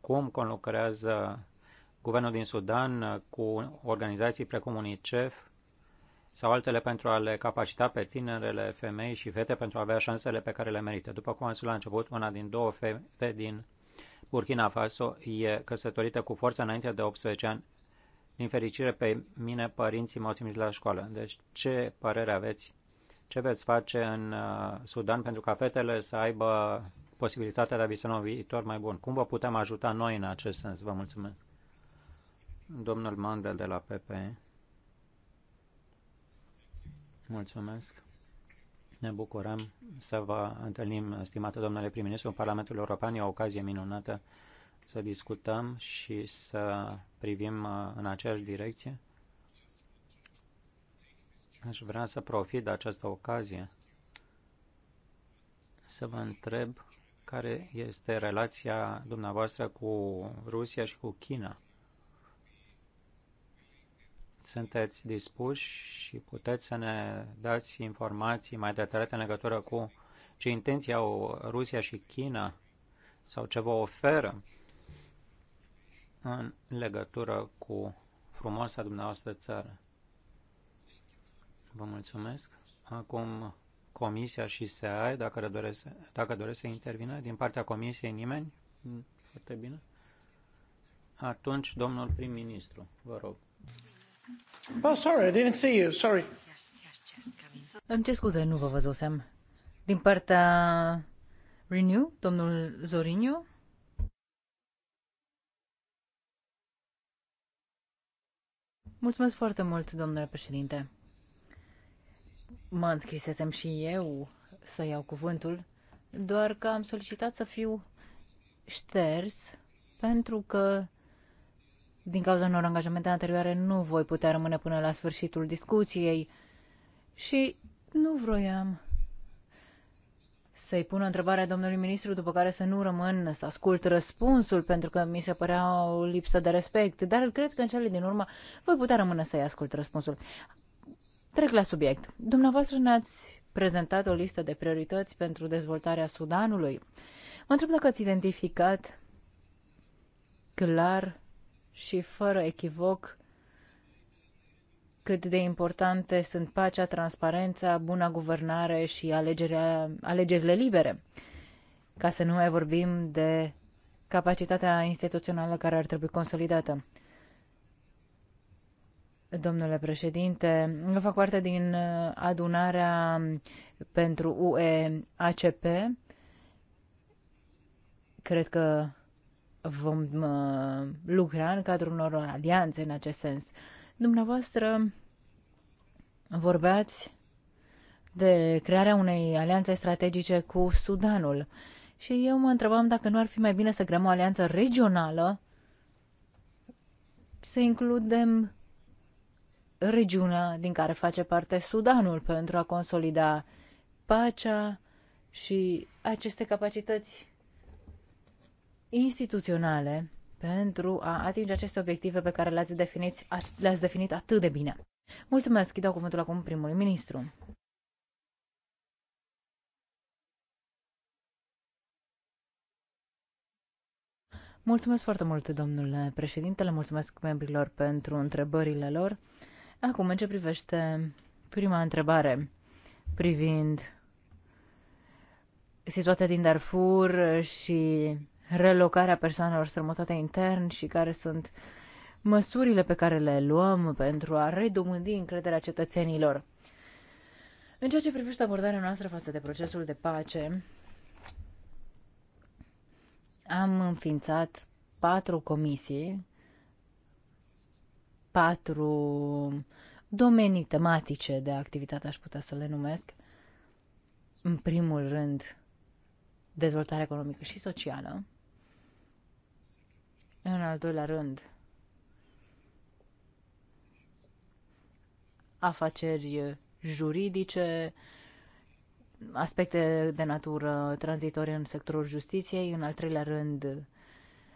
Cum conlucrează guvernul din Sudan cu organizații precum UNICEF sau altele pentru a le capacita pe tinerele femei și fete pentru a avea șansele pe care le merită. După cum am spus la început, una din două fete din Burkina Faso e căsătorită cu forța înainte de 18 ani din fericire pe mine, părinții m-au trimis la școală. Deci ce părere aveți? Ce veți face în uh, Sudan pentru ca fetele să aibă posibilitatea de a visa un viitor mai bun? Cum vă putem ajuta noi în acest sens? Vă mulțumesc. Domnul Mandel de la PP. Mulțumesc. Ne bucurăm să vă întâlnim, stimate domnule prim-ministru, în Parlamentul European. E o ocazie minunată să discutăm și să privim uh, în aceeași direcție. Aș vrea să profit de această ocazie să vă întreb care este relația dumneavoastră cu Rusia și cu China. Sunteți dispuși și puteți să ne dați informații mai detaliate în legătură cu ce intenții au Rusia și China sau ce vă oferă în legătură cu frumoasa dumneavoastră țară. Vă mulțumesc. Acum Comisia și SEAE, dacă doresc, dacă doresc să intervină. Din partea Comisiei nimeni? Mm, foarte bine. Atunci, domnul prim-ministru, vă rog. Oh, sorry, I didn't see you, sorry. Îmi cer scuze, nu vă văzusem. Din partea Renew, domnul Zoriniu. Mulțumesc foarte mult, domnule președinte. Mă înscrisesem și eu să iau cuvântul, doar că am solicitat să fiu șters pentru că din cauza unor angajamente anterioare nu voi putea rămâne până la sfârșitul discuției și nu vroiam să-i pun o întrebare domnului ministru, după care să nu rămân să ascult răspunsul, pentru că mi se părea o lipsă de respect, dar cred că în cele din urmă voi putea rămâne să-i ascult răspunsul. Trec la subiect. Dumneavoastră ne-ați prezentat o listă de priorități pentru dezvoltarea Sudanului. Mă întreb dacă ați identificat clar și fără echivoc cât de importante sunt pacea, transparența, buna guvernare și alegerea, alegerile libere. Ca să nu mai vorbim de capacitatea instituțională care ar trebui consolidată. Domnule președinte, eu fac parte din uh, adunarea um, pentru UE ACP. Cred că vom uh, lucra în cadrul unor alianțe în acest sens. Dumneavoastră vorbeați de crearea unei alianțe strategice cu Sudanul. Și eu mă întrebam dacă nu ar fi mai bine să creăm o alianță regională, să includem regiunea din care face parte Sudanul pentru a consolida pacea și aceste capacități instituționale pentru a atinge aceste obiective pe care le-ați definit, le-ați definit atât de bine. Mulțumesc, îi dau cuvântul acum primului ministru. Mulțumesc foarte mult, domnule le mulțumesc membrilor pentru întrebările lor. Acum, în ce privește prima întrebare privind situația din Darfur și relocarea persoanelor strămutate intern și care sunt măsurile pe care le luăm pentru a redobândi încrederea cetățenilor. În ceea ce privește abordarea noastră față de procesul de pace, am înființat patru comisii, patru domenii tematice de activitate, aș putea să le numesc. În primul rând, dezvoltarea economică și socială, în al doilea rând, afaceri juridice, aspecte de natură tranzitorie în sectorul justiției, în al treilea rând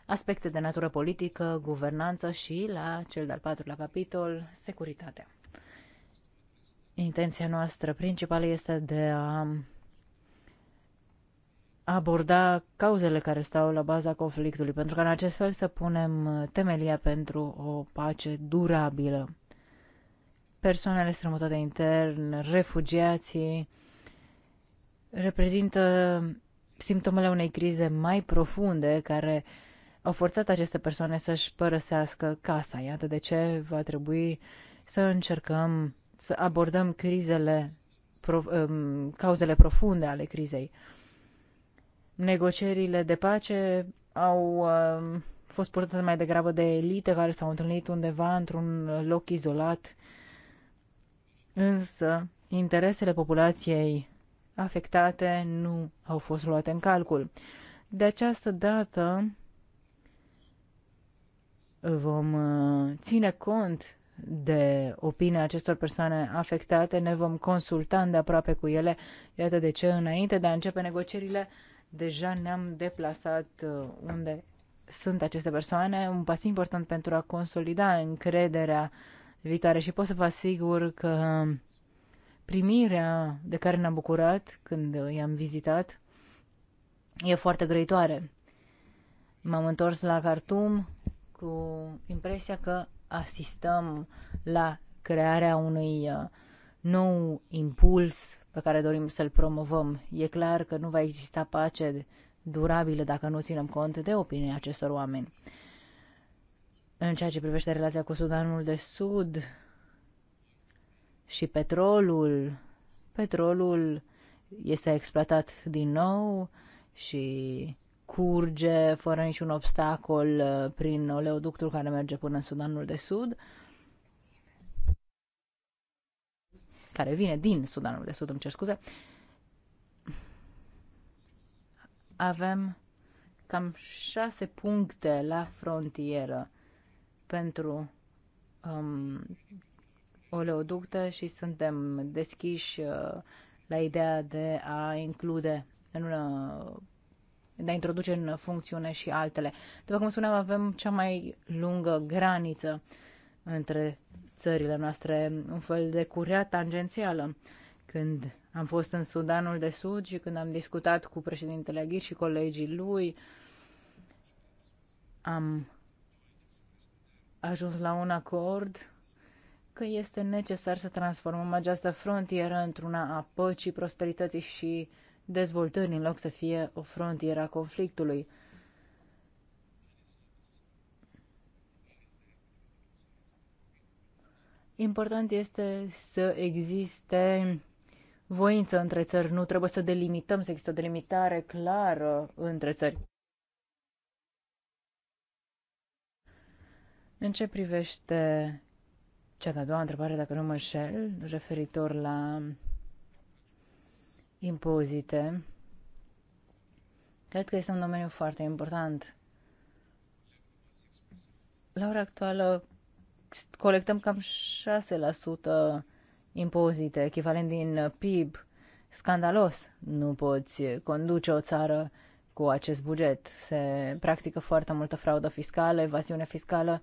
aspecte de natură politică, guvernanță și, la cel de-al patrulea capitol, securitatea. Intenția noastră principală este de a aborda cauzele care stau la baza conflictului, pentru că în acest fel să punem temelia pentru o pace durabilă. Persoanele strămutate intern, refugiații, reprezintă simptomele unei crize mai profunde care au forțat aceste persoane să-și părăsească casa. Iată de ce va trebui să încercăm să abordăm crizele, pro, um, cauzele profunde ale crizei. Negocierile de pace au uh, fost purtate mai degrabă de elite care s-au întâlnit undeva într-un loc izolat. Însă, interesele populației afectate nu au fost luate în calcul. De această dată vom uh, ține cont de opinia acestor persoane afectate, ne vom consulta îndeaproape cu ele. Iată de ce, înainte de a începe negocierile, Deja ne-am deplasat uh, unde sunt aceste persoane, un pas important pentru a consolida încrederea viitoare și pot să vă asigur că primirea de care ne-am bucurat când i-am vizitat e foarte grăitoare. M-am întors la Cartum cu impresia că asistăm la crearea unui uh, nou impuls pe care dorim să-l promovăm. E clar că nu va exista pace durabilă dacă nu ținem cont de opinia acestor oameni. În ceea ce privește relația cu Sudanul de Sud și petrolul, petrolul este exploatat din nou și curge fără niciun obstacol uh, prin oleoductul care merge până în Sudanul de Sud. care vine din Sudanul de Sud, îmi cer scuze, avem cam șase puncte la frontieră pentru um, oleoducte și suntem deschiși uh, la ideea de a include în una, de a introduce în funcțiune și altele. După cum spuneam, avem cea mai lungă graniță uh, între țările noastre, un fel de curea tangențială. Când am fost în Sudanul de Sud și când am discutat cu președintele Aghir și colegii lui, am ajuns la un acord că este necesar să transformăm această frontieră într-una a păcii, prosperității și dezvoltării, în loc să fie o frontieră a conflictului. Important este să existe voință între țări, nu trebuie să delimităm, să există o delimitare clară între țări. În ce privește cea de-a doua întrebare, dacă nu mă înșel, referitor la impozite, cred că este un domeniu foarte important. La ora actuală, colectăm cam 6% impozite, echivalent din PIB. Scandalos! Nu poți conduce o țară cu acest buget. Se practică foarte multă fraudă fiscală, evaziune fiscală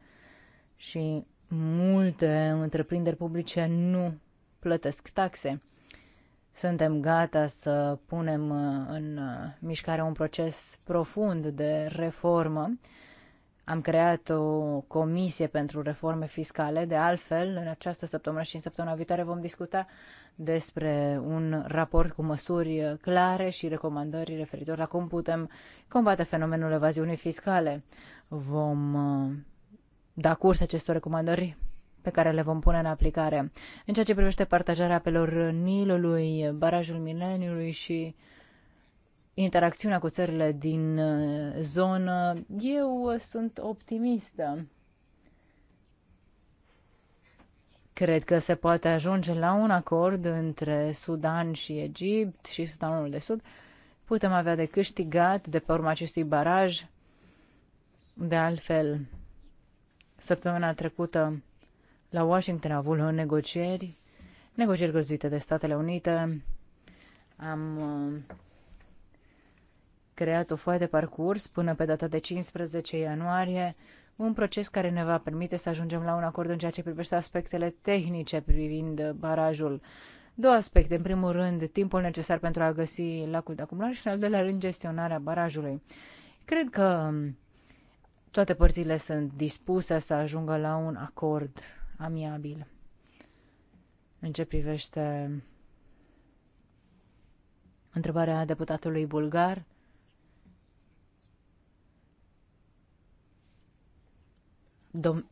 și multe întreprinderi publice nu plătesc taxe. Suntem gata să punem în mișcare un proces profund de reformă am creat o comisie pentru reforme fiscale. De altfel, în această săptămână și în săptămâna viitoare vom discuta despre un raport cu măsuri clare și recomandări referitor la cum putem combate fenomenul evaziunii fiscale. Vom uh, da curs acestor recomandări pe care le vom pune în aplicare. În ceea ce privește partajarea apelor Nilului, barajul Mileniului și interacțiunea cu țările din uh, zonă, eu uh, sunt optimistă. Cred că se poate ajunge la un acord între Sudan și Egipt și Sudanul de Sud. Putem avea de câștigat de pe urma acestui baraj. De altfel, săptămâna trecută la Washington au avut loc negocieri, negocieri găzduite de Statele Unite. Am uh, creat o foaie de parcurs până pe data de 15 ianuarie, un proces care ne va permite să ajungem la un acord în ceea ce privește aspectele tehnice privind barajul. Două aspecte. În primul rând, timpul necesar pentru a găsi lacul de acumulare și, în al doilea rând, gestionarea barajului. Cred că toate părțile sunt dispuse să ajungă la un acord amiabil în ce privește întrebarea deputatului bulgar. Dom-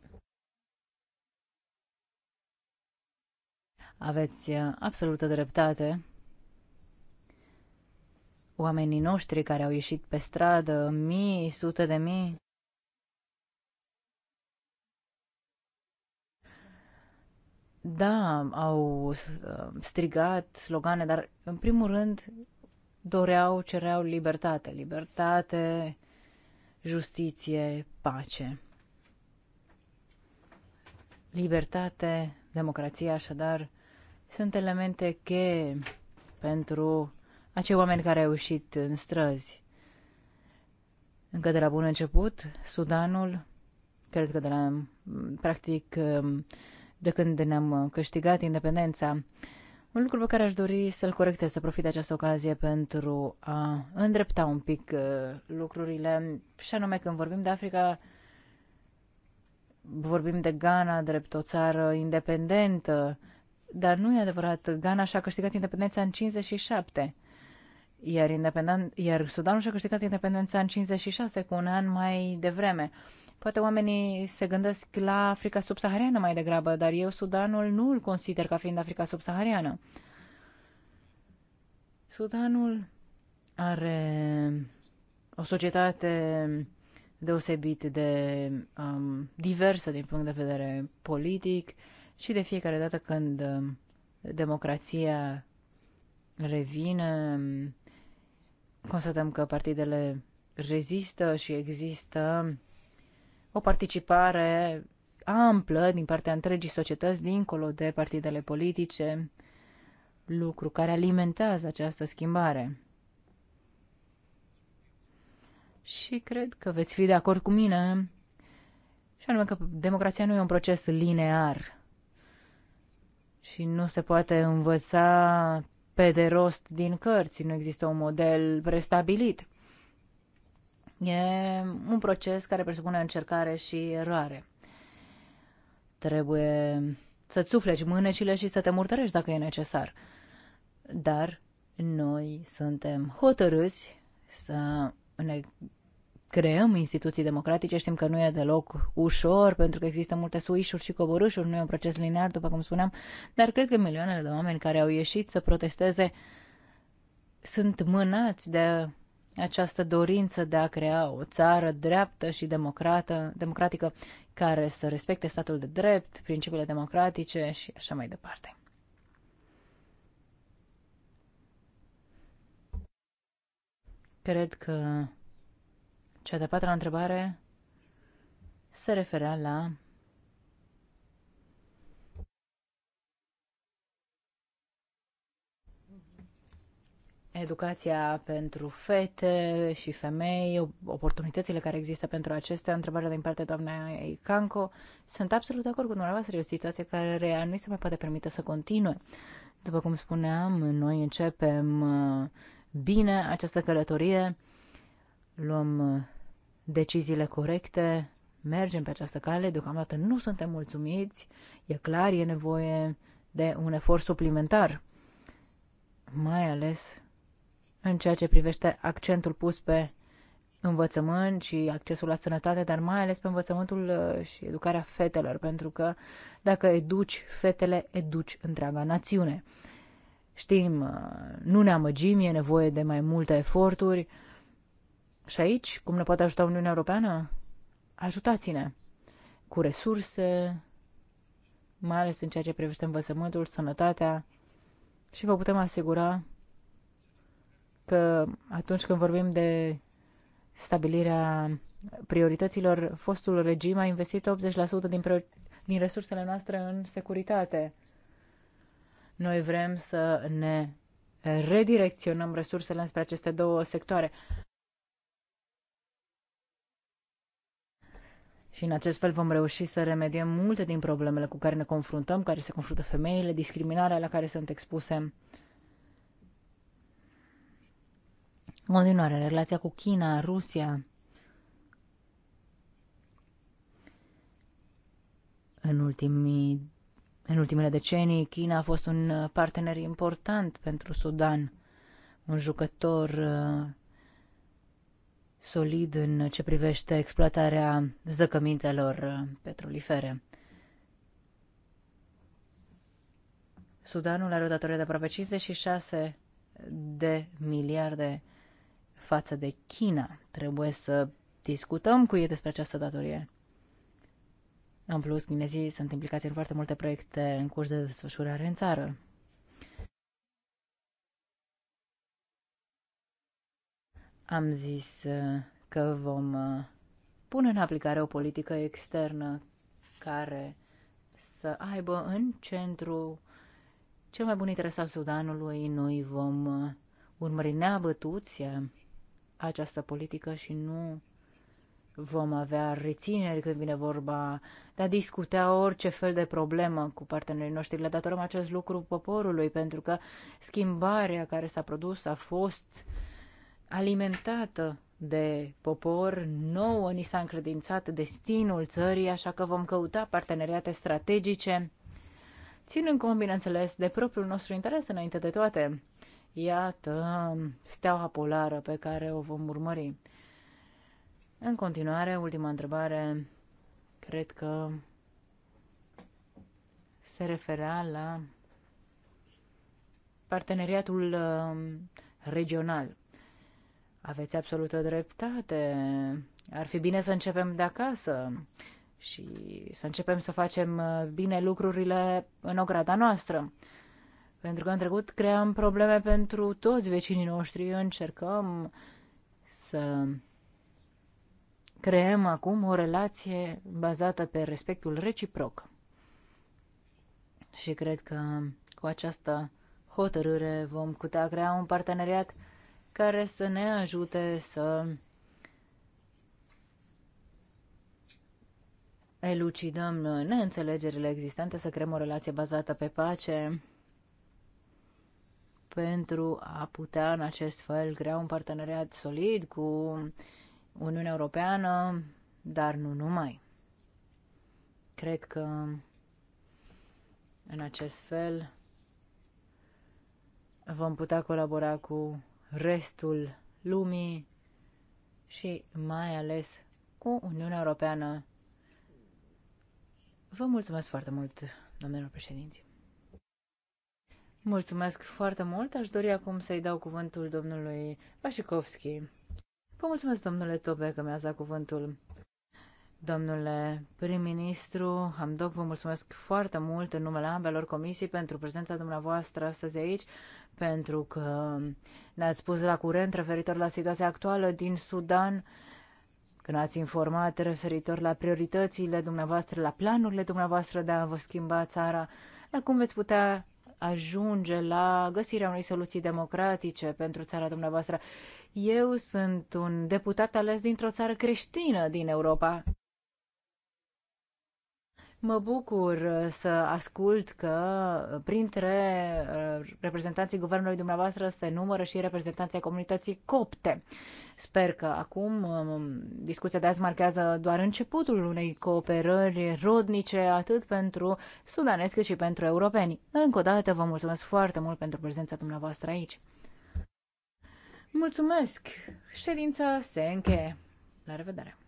Aveți uh, absolută dreptate. Oamenii noștri care au ieșit pe stradă, mii, sute de mii, Da, au uh, strigat slogane, dar în primul rând doreau, cereau libertate. Libertate, justiție, pace. Libertate, democrație, așadar, sunt elemente cheie pentru acei oameni care au ieșit în străzi. Încă de la bun început, Sudanul, cred că de la, practic, de când ne-am câștigat independența, un lucru pe care aș dori să-l corectez, să profit de această ocazie pentru a îndrepta un pic uh, lucrurile, și anume când vorbim de Africa, vorbim de Ghana drept o țară independentă, dar nu e adevărat. Ghana și-a câștigat independența în 57. Iar, independen- iar Sudanul și-a câștigat independența în 56, cu un an mai devreme. Poate oamenii se gândesc la Africa subsahariană mai degrabă, dar eu Sudanul nu îl consider ca fiind Africa subsahariană. Sudanul are o societate deosebit de um, diversă din punct de vedere politic și de fiecare dată când um, democrația revine, um, constatăm că partidele rezistă și există o participare amplă din partea întregii societăți, dincolo de partidele politice, lucru care alimentează această schimbare și cred că veți fi de acord cu mine, și anume că democrația nu e un proces linear și nu se poate învăța pe de rost din cărți, nu există un model prestabilit. E un proces care presupune încercare și eroare. Trebuie să-ți sufleci mânecile și să te murtărești dacă e necesar. Dar noi suntem hotărâți să ne creăm instituții democratice. Știm că nu e deloc ușor, pentru că există multe suișuri și coborâșuri, nu e un proces linear, după cum spuneam, dar cred că milioanele de oameni care au ieșit să protesteze sunt mânați de această dorință de a crea o țară dreaptă și democrată, democratică care să respecte statul de drept, principiile democratice și așa mai departe. Cred că cea de-a patra întrebare se referea la educația pentru fete și femei, oportunitățile care există pentru acestea, întrebarea din partea doamnei Canco, sunt absolut de acord cu dumneavoastră, e o situație care nu se mai poate permite să continue. După cum spuneam, noi începem uh, bine această călătorie, luăm uh, deciziile corecte, mergem pe această cale, deocamdată nu suntem mulțumiți, e clar, e nevoie de un efort suplimentar, mai ales în ceea ce privește accentul pus pe învățământ și accesul la sănătate, dar mai ales pe învățământul uh, și educarea fetelor, pentru că dacă educi fetele, educi întreaga națiune. Știm, uh, nu ne amăgim, e nevoie de mai multe eforturi, și aici, cum ne poate ajuta Uniunea Europeană? Ajutați-ne cu resurse, mai ales în ceea ce privește învățământul, sănătatea și vă putem asigura că atunci când vorbim de stabilirea priorităților, fostul regim a investit 80% din, din resursele noastre în securitate. Noi vrem să ne redirecționăm resursele înspre aceste două sectoare. Și în acest fel vom reuși să remediem multe din problemele cu care ne confruntăm, care se confruntă femeile, discriminarea la care sunt expuse. continuare, relația cu China, Rusia. În, ultimii, în ultimele decenii, China a fost un partener important pentru Sudan, un jucător uh, solid în ce privește exploatarea zăcămintelor petrolifere. Sudanul are o datorie de aproape 56 de miliarde față de China. Trebuie să discutăm cu ei despre această datorie. În plus, chinezii sunt implicați în foarte multe proiecte în curs de desfășurare în țară. Am zis uh, că vom uh, pune în aplicare o politică externă care să aibă în centru cel mai bun interes al Sudanului. Noi vom uh, urmări neabătuți această politică și nu vom avea rețineri când vine vorba de a discuta orice fel de problemă cu partenerii noștri. Le datorăm acest lucru poporului, pentru că schimbarea care s-a produs a fost uh, alimentată de popor, nouă ni s-a încredințat destinul țării, așa că vom căuta parteneriate strategice, ținând cont, bineînțeles, de propriul nostru interes înainte de toate. Iată steaua polară pe care o vom urmări. În continuare, ultima întrebare, cred că se referea la parteneriatul uh, regional. Aveți absolută dreptate. Ar fi bine să începem de acasă și să începem să facem uh, bine lucrurile în ograda noastră. Pentru că în trecut creăm probleme pentru toți vecinii noștri. Încercăm să creăm acum o relație bazată pe respectul reciproc. Și cred că cu această hotărâre vom putea crea un parteneriat care să ne ajute să elucidăm neînțelegerile existente, să creăm o relație bazată pe pace pentru a putea în acest fel crea un parteneriat solid cu Uniunea Europeană, dar nu numai. Cred că în acest fel vom putea colabora cu restul lumii și mai ales cu Uniunea Europeană. Vă mulțumesc foarte mult, domnilor președinți. Mulțumesc foarte mult. Aș dori acum să-i dau cuvântul domnului Vașikovski. Vă mulțumesc, domnule Tobe, că mi-ați dat cuvântul. Domnule prim-ministru Hamdok, vă mulțumesc foarte mult în numele ambelor comisii pentru prezența dumneavoastră astăzi aici, pentru că ne-ați pus la curent referitor la situația actuală din Sudan, când ați informat referitor la prioritățile dumneavoastră, la planurile dumneavoastră de a vă schimba țara, la cum veți putea ajunge la găsirea unei soluții democratice pentru țara dumneavoastră. Eu sunt un deputat ales dintr-o țară creștină din Europa. Mă bucur să ascult că printre uh, reprezentanții guvernului dumneavoastră se numără și reprezentanții comunității copte. Sper că acum um, discuția de azi marchează doar începutul unei cooperări rodnice atât pentru sudanesc cât și pentru europeni. Încă o dată vă mulțumesc foarte mult pentru prezența dumneavoastră aici. Mulțumesc! Ședința se încheie. La revedere!